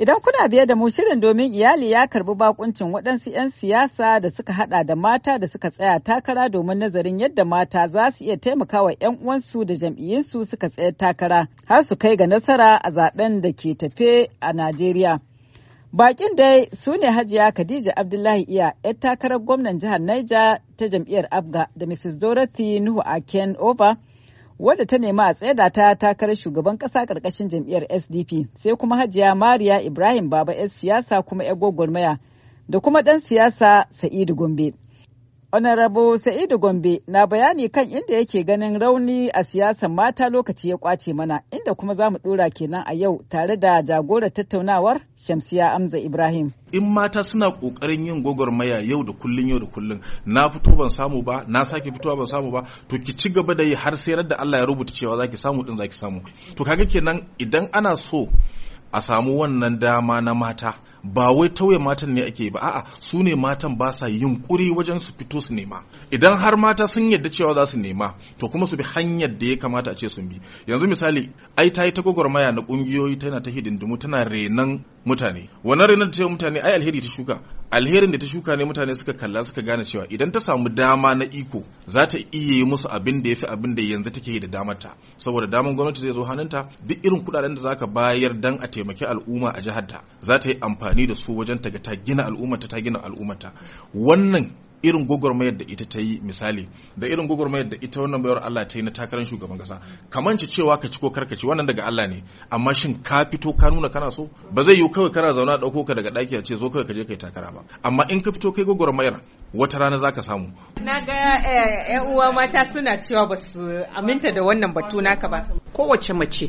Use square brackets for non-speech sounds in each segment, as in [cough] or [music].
Idan kuna biye da mu shirin domin iyali ya karbi bakuncin waɗansu 'yan siyasa da suka hada da mata da suka tsaya takara domin nazarin yadda mata za su iya taimakawa 'yan uwansu da jam'iyyinsu suka tsaya takara har su kai ga nasara a zaben da ke tafe a Najeriya. Bakin dai su ne Hajiya Khadija Abdullahi Iya, 'yar takarar gwamnan jihar Niger ta jam'iyyar Abga da Mrs. Dorothy Nuhu Aken Over wadda ta nema a tsaida ta takarar shugaban kasa karkashin jam'iyyar SDP sai kuma Hajiya Mariya Ibrahim Baba 'yar siyasa kuma 'yar gwagwarmaya da kuma ɗan siyasa Sa'idu Gombe. Honorable Sa'idu Gombe na bayani kan inda yake ganin rauni a siyasar mata lokaci ya kwace mana inda kuma zamu mu dora kenan a yau tare da jagorar tattaunawar Shamsiya Amza Ibrahim. In mata suna kokarin yin gwagwarmaya yau da kullun yau da kullun na fito ban samu ba na sake fitowa ban samu ba to ki ci gaba da yi har sai da Allah ya rubuta cewa zaki samu din zaki samu. To kaga kenan idan ana so a samu wannan dama na mata ba wai tauye matan ne ake ba a'a su ne matan ba sa yin kuri wajen su fito su nema idan har mata sun yadda cewa za su nema to kuma su bi hanyar da ya kamata a ce sun bi yanzu misali ai ta yi ta maya na kungiyoyi tana ta hidindimu tana renan mutane wannan renan da ta mutane ai alheri ta shuka alherin da ta shuka ne mutane suka kalla suka gane cewa idan ta samu dama na iko za ta iya yi musu abin da ya fi abin da yanzu take da damar ta saboda damar gwamnati zai zo hannunta duk irin kudaden da zaka bayar dan a taimaki al'umma a jihar ta za ta yi amfani amfani da su wajen taga ta gina al'ummata ta gina al'ummata wannan irin gwagwarmayar da ita ta yi misali da irin gwagwarmayar da ita wannan bayar Allah ta yi na takarar shugaban kasa ci cewa ka ci ko karka ci wannan daga Allah ne amma shin ka fito ka nuna kana so ba zai yi kawai kana zauna dauko ka daga daki a ce zo kawai ka je kai takara ba amma in ka fito kai gwagwarmayar wata rana zaka samu na ga yan eh, uwa mata suna cewa ba su aminta da wannan batu naka ba kowace mace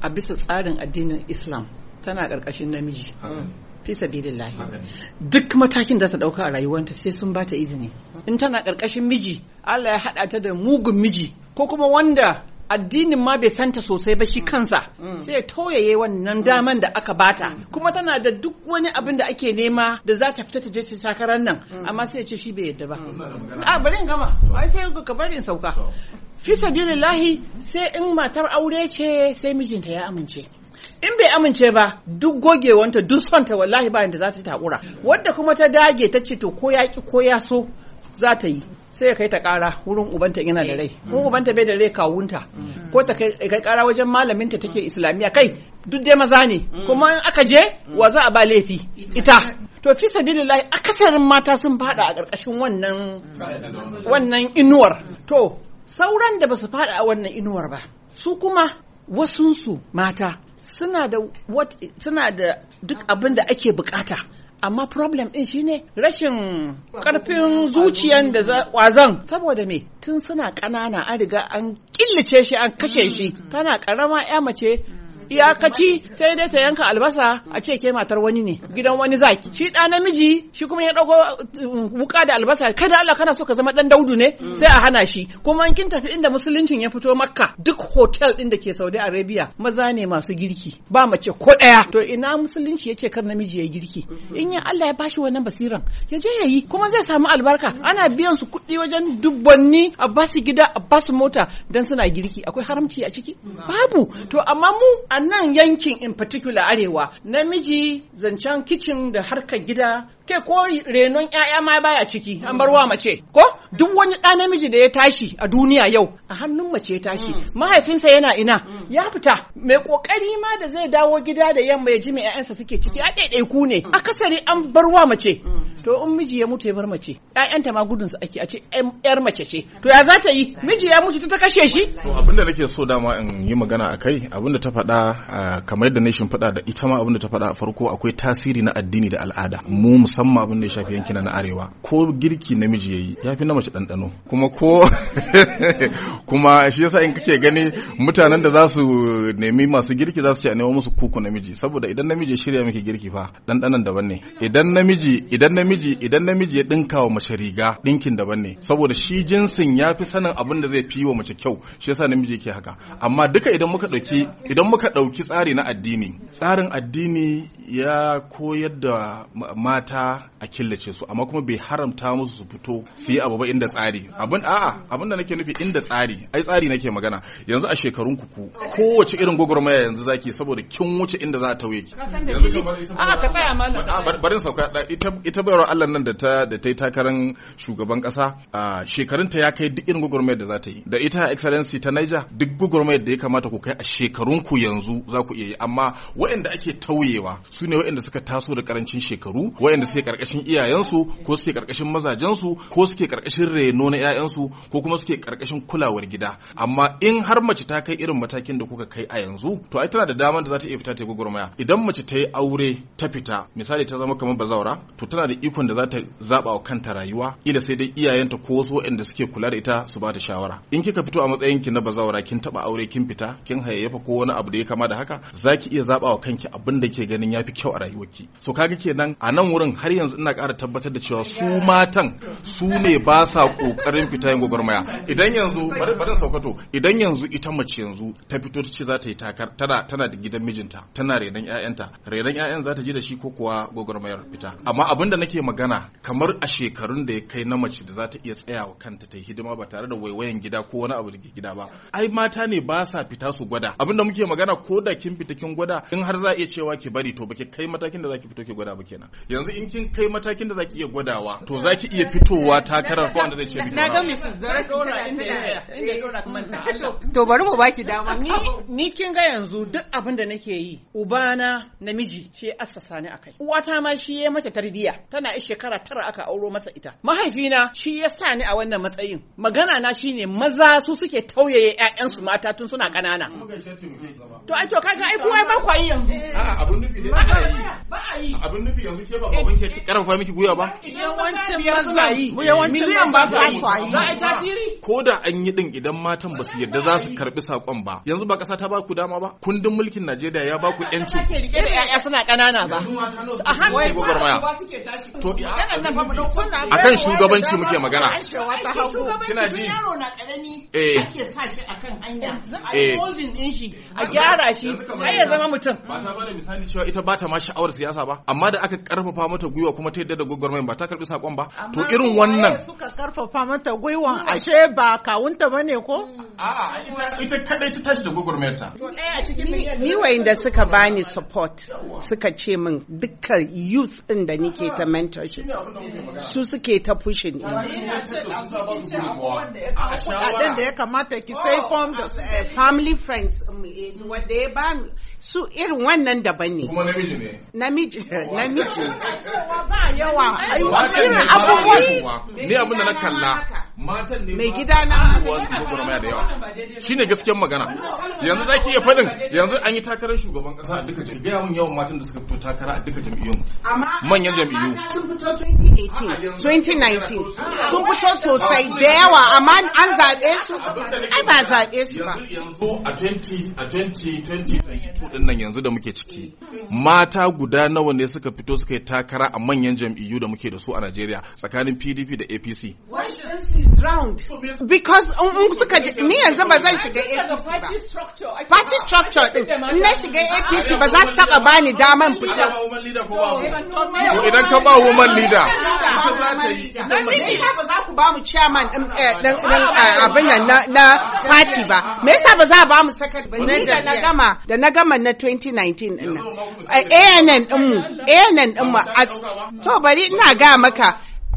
a bisa tsarin addinin Islam tana karkashin namiji fi sabilillahi duk matakin da ta dauka a rayuwarta sai sun bata izini in tana karkashin miji Allah ya hada ta da mugun miji ko kuma wanda addinin ma bai santa sosai ba shi mm. kansa mm. sai ya wannan daman da aka bata mm. kuma tana da duk wani abin da ake nema da za ta fita ta je ta takarar nan amma sai ce shi bai yadda ba a bari in gama ai sai ka bari in sauka fi sabilillahi sai in matar aure ce sai mijinta ya amince in bai amince ba duk gogewanta duk sonta wallahi ba yadda za ta takura wadda kuma ta dage ta ce to ko ya ki ko ya so za ta yi sai ya kai ta kara wurin ubanta yana da rai ko mm. ubanta bai da rai kawunta mm. ko ta kai kara wajen malaminta take islamiyya kai duk dai maza ne mm. kuma in aka je wa za a ba laifi ita to fi sabilillahi akasarin mata sun fada a ƙarƙashin wannan wannan inuwar to sauran da ba su fada a wannan inuwar ba su kuma wasunsu mata suna da what suna da duk abin da ake bukata amma problem din shine rashin karfin zuciyan da kwazon saboda me tun suna ƙanana an riga an killace shi an kashe shi mm. tana karama ya mace mm. iyakaci sai dai ta yanka albasa a ce ke matar wani ne gidan wani zaki shi da namiji shi kuma ya dago um, wuka da albasa kada Allah kana so ka zama dan daudu ne mm. sai a hana shi kuma kin tafi inda musuluncin ya fito makka duk hotel din da ke Saudi Arabia maza ne masu girki ba mace ko daya to ina musulunci yace kar namiji ya girki mm-hmm. in ya Allah ya bashi wannan basiran ya je yayi kuma zai samu albarka ana biyan su kuɗi wajen dubbanni a basu gida a basu mota dan suna girki akwai haramci a ciki mm-hmm. babu to amma mu a nan yankin in particular arewa namiji zancen kicin da harkar gida ke ko renon 'ya'ya ma baya ciki an bar wa mace ko duk wani ɗa namiji da ya tashi a duniya yau a hannun mace ya tashi mm. mahaifinsa yana ina mm. ya fita mai kokari ma da zai dawo gida da yamma ya ji mai 'ya'yansa suke ciki a ɗaiɗaiku ne mm. akasari an bar wa mace to in miji ya mutu ya bar mace ƴaƴanta ma gudun su ake a ce ƴar mace ce to ya za ta yi miji ya mutu ta kashe shi to abinda nake so dama in yi magana akai abinda ta faɗa kamar yadda nation faɗa da ita ma abinda ta faɗa a farko akwai tasiri na addini da al'ada mu musamman abin da ya shafi yankin na arewa ko girki namiji yayi yafi na mace ɗanɗano kuma ko [laughs] kuma shi yasa in kake gani mutanen da za su nemi masu girki za su ce a nemo musu kuku namiji saboda idan namiji ya shirya miki girki fa ɗanɗanon daban ne idan namiji idan namiji idan namiji ya dinka wa mace riga dinkin daban ne saboda shi jinsin ya fi sanin abin da zai fi wa mace kyau shi yasa namiji yake haka amma duka idan muka dauki idan muka dauki tsari na addini tsarin addini ya koyar da mata a killace su amma kuma bai haramta musu su fito su yi abu ba inda tsari abin a'a abin da nake nufi inda tsari ai tsari nake magana yanzu a shekarun ku kowace irin gwagwarmaya yanzu zaki saboda kin wuce inda za a tauye ki a ka tsaya malam barin sauka ita gwagwarmayar Allah nan da ta da ta yi takarar shugaban kasa a shekarunta ya kai duk irin gwagwarmayar da za ta yi da ita excellency ta naija duk gwagwarmayar da ya kamata ku kai a shekarun ku yanzu za ku iya yi amma waɗanda ake tauyewa su ne waɗanda suka taso da karancin shekaru waɗanda suke karkashin iyayensu ko suke karkashin mazajensu ko suke karkashin reno na iyayensu ko kuma suke karkashin kulawar gida amma in har mace ta kai irin matakin da kuka kai a yanzu to ai tana da damar da za ta iya fita ta gwagwarmaya idan mace ta yi aure ta fita misali ta zama kamar bazaura to tana da ikon da za ta zaba wa kanta rayuwa ila sai dai iyayenta ko wasu waɗanda suke kula da ita su ba ta shawara in kika fito a matsayin ki na bazawara kin taba aure kin fita kin hayayyafa ko wani abu da ya kama da haka zaki iya zaba wa kanki abin da ke ganin yafi kyau a rayuwarki so kaga kenan a nan wurin har yanzu ina ƙara tabbatar da cewa su matan su ne ba sa ƙoƙarin fita yin gwagwarmaya idan yanzu bari bari saukato idan yanzu ita mace yanzu ta fito ta ce za ta yi takar tana tana da gidan mijinta tana renon 'ya'yanta renon 'ya'yan za ta ji da shi ko kuwa gwagwarmayar fita amma abin da nake take magana kamar a shekarun da ya kai na mace da za ta iya tsayawa kanta ta yi hidima ba tare da waiwayan gida ko wani abu da ke gida ba ai mata ne ba sa fita su gwada abin da muke magana ko da kin fita kin gwada in har za a iya cewa ki bari to baki kai matakin da zaki fito ki gwada ba kenan yanzu in kin kai matakin da zaki iya gwadawa to zaki iya fitowa takarar ko wanda zai ce miki na ga mutum zara dora inda ya inda dora manta to bari mu baki dama ni ni kin ga yanzu duk abin da nake yi ubana namiji ce assasa ni akai uwata ma shi ya mata ta tana yi shekara tara aka auro masa ita mahaifina shi ya sa ni a wannan matsayin magana na shine maza su suke tauyaye su mata tun suna ƙanana to ai to kaga ai kowa ba kwa yi yanzu a'a abun nufi ne ba a yi abun nufi yanzu ke ba eh, baban ke eh. karfafa miki guya ba yawancin ba za yi miliyan ba za yi za a tasiri ko da an yi din idan matan ba su yarda za su karbi sakon ba yanzu ba ƙasa ta ba ku dama ba kundin mulkin Najeriya ya ba ku ƴanci ke rike da suna ƙanana ba a ke tashi. to kan shugabanci muke magana kina ji yaro na karami eh. ake sa shi akan hanya eh. a holding eh. din shi a gyara shi ai ya zama mutum ba ta bada misali cewa ita ba ta ma sha'awar siyasa ba amma da aka karfafa mata gwiwa kuma ta yadda da gwagwarmayin ba ta karbi sakon ba to irin wannan suka karfafa mata gwiwa ashe ba kawunta bane ko hmm. a'a ita kadai ta tashi da gwagwarmayar ta ni wayanda suka bani support suka ce min dukkan youth din da nike ta su suke ta fushin din da ya kamata ki sai oh, form eh, family friends um, eh, wanda ya ba su irin wannan daban ne namiji ne namiji eh, namiji ba yawa irin ni abin da na kalla matan ne mai gida na uwa gwagwarmaya da yawa shine gaskiyar magana yanzu zaki iya fadin yanzu an yi takarar shugaban kasa a duka jam'iyyar yawan yawan matan da suka fito takara a duka jam'iyyun manyan jam'iyyu sun fito 2018 2019 sun fito sosai da yawa amma an zaɓe su ai ba zaɓe su ba yanzu a 20 a 20 2022 din nan yanzu da muke ciki mata guda nawa ne suka fito suka yi takara a manyan jam'iyyu da muke da su a Najeriya tsakanin PDP da APC is round. Because in suka ni yanzu ba zan shiga APC ba. Party structure din. In na shiga APC ba za su taba bani daman fita. Idan ka ba woman leader. Dan ni ba za ku ba mu chairman din abin nan na party ba. Me yasa ba za a ba mu second ba? Ni da na gama da na gama na 2019 din nan. ANN din mu, ANN din mu. To bari ina ga maka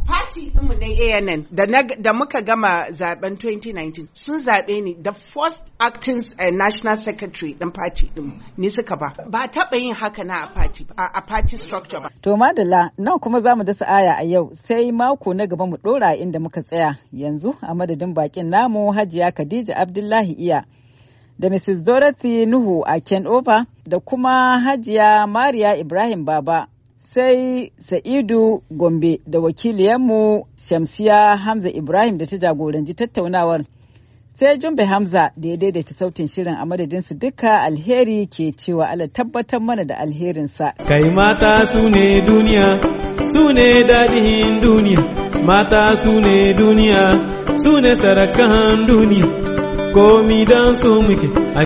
party ɗinmu na ANN da, muka gama zaben 2019 sun zaɓe ni da first acting eh, national secretary ɗin party ɗinmu ni suka ba. Ba taɓa yin haka na a party a party structure ba. To Madala nan kuma za mu dasa aya a yau sai mako na gaba mu ɗora inda muka tsaya yanzu a madadin bakin namu Hajiya Khadija Abdullahi Iya. da Mrs. Dorothy Nuhu a Kenova da kuma Hajiya Mariya Ibrahim Baba sai sa'idu gombe da wakiliyanmu shamsiya hamza ibrahim da ta jagoranci tattaunawar sai jumbe hamza da ya daidaita sautin shirin a madadinsu duka alheri ke cewa ala tabbatar mana da alherinsa kai mata su ne duniya su ne daɗin duniya mata su ne duniya su ne sarakan duniya komi don su muke